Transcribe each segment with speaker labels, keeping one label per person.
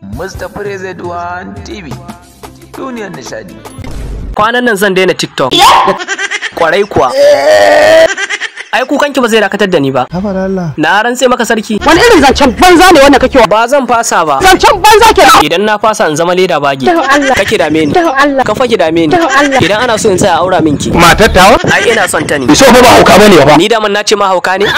Speaker 1: Mustapha Rezaid One TV duniyar nishadi. Kwanan nan zan daina TikTok. Kwarai kuwa. Eh! Ai kukanki ba zai dakatar da ni ba. Allah. Na rantse maka sarki. Wani irin zancen banza ne wanda kake wa? Ba zan fasa ba. Zancen banza ke da. Idan na fasa in zama leda bagi. Don Allah. Kake dame ni. Don Allah. Ka fage dame ni. Don Allah. Idan ana so in tsaya aura minki. Matar tawa? Ai ina son ta ne. So ba hauka bane ba. Ni da man na ce ma hauka ne.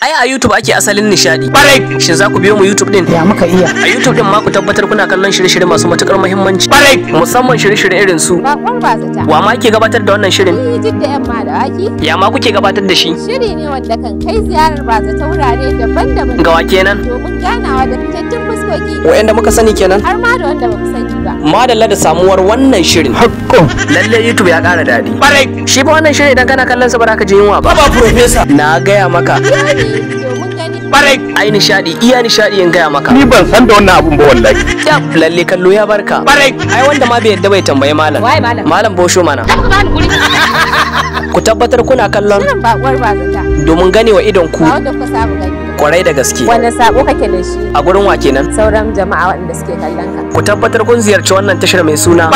Speaker 1: ai a YouTube ake asalin nishadi. Barai. Shin za ku biyo mu YouTube din? Ya muka iya. A YouTube din ma ku tabbatar kuna kallon shirye-shirye masu matukar muhimmanci. Barai. Musamman shirye-shirye irin su. Bakon bazata. Wa ma ke gabatar da wannan shirin? Ni da yamma da waki. Ya ma kuke gabatar da shi? Shiri ne wanda kan kai ziyarar bazata wurare daban-daban. Ga wa kenan? ganawa da fitattun fuskoki wa'anda muka sani kenan har ma da wanda ba sani ba madalla da samuwar wannan shirin hakko lalle youtube ya kara dadi Bare. shi ba wannan shirin idan kana kallon sa ba za ka ji yunwa ba Baba professor na gaya maka barai ai nishadi iya nishadi in gaya maka ni ban san da wannan abun ba wallahi ya lalle kallo ya barka barai ai wanda ma bai yadda bai tambaye malam wai malam malam bosho mana ku tabbatar kuna kallon domin ganewa idon ku wanda ku samu gani kwarai da gaske wanda sako kake da shi a gurin wa kenan sauran jama'a waɗanda suke kallon ka ku tabbatar kun ziyarci wannan tashar mai suna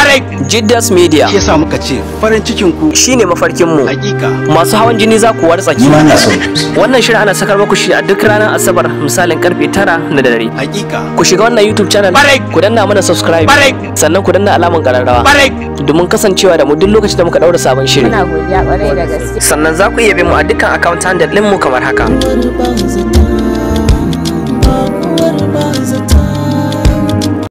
Speaker 1: Jiddas Media shi yasa muka ce farin cikin ku shine mafarkin mu hakika masu hawan jini za ku wartsaki ni na so wannan shirin ana sakar muku shi a duk ranar asabar misalin karfe 9 na dare hakika ku shiga wannan YouTube channel ku danna mana subscribe sannan ku danna alamar kararrawa domin kasancewa da mu duk lokacin da muka daura sabon shiri muna godiya kwarai da gaske sannan za ku iya bin mu a dukkan account handle din mu kamar haka Ooh.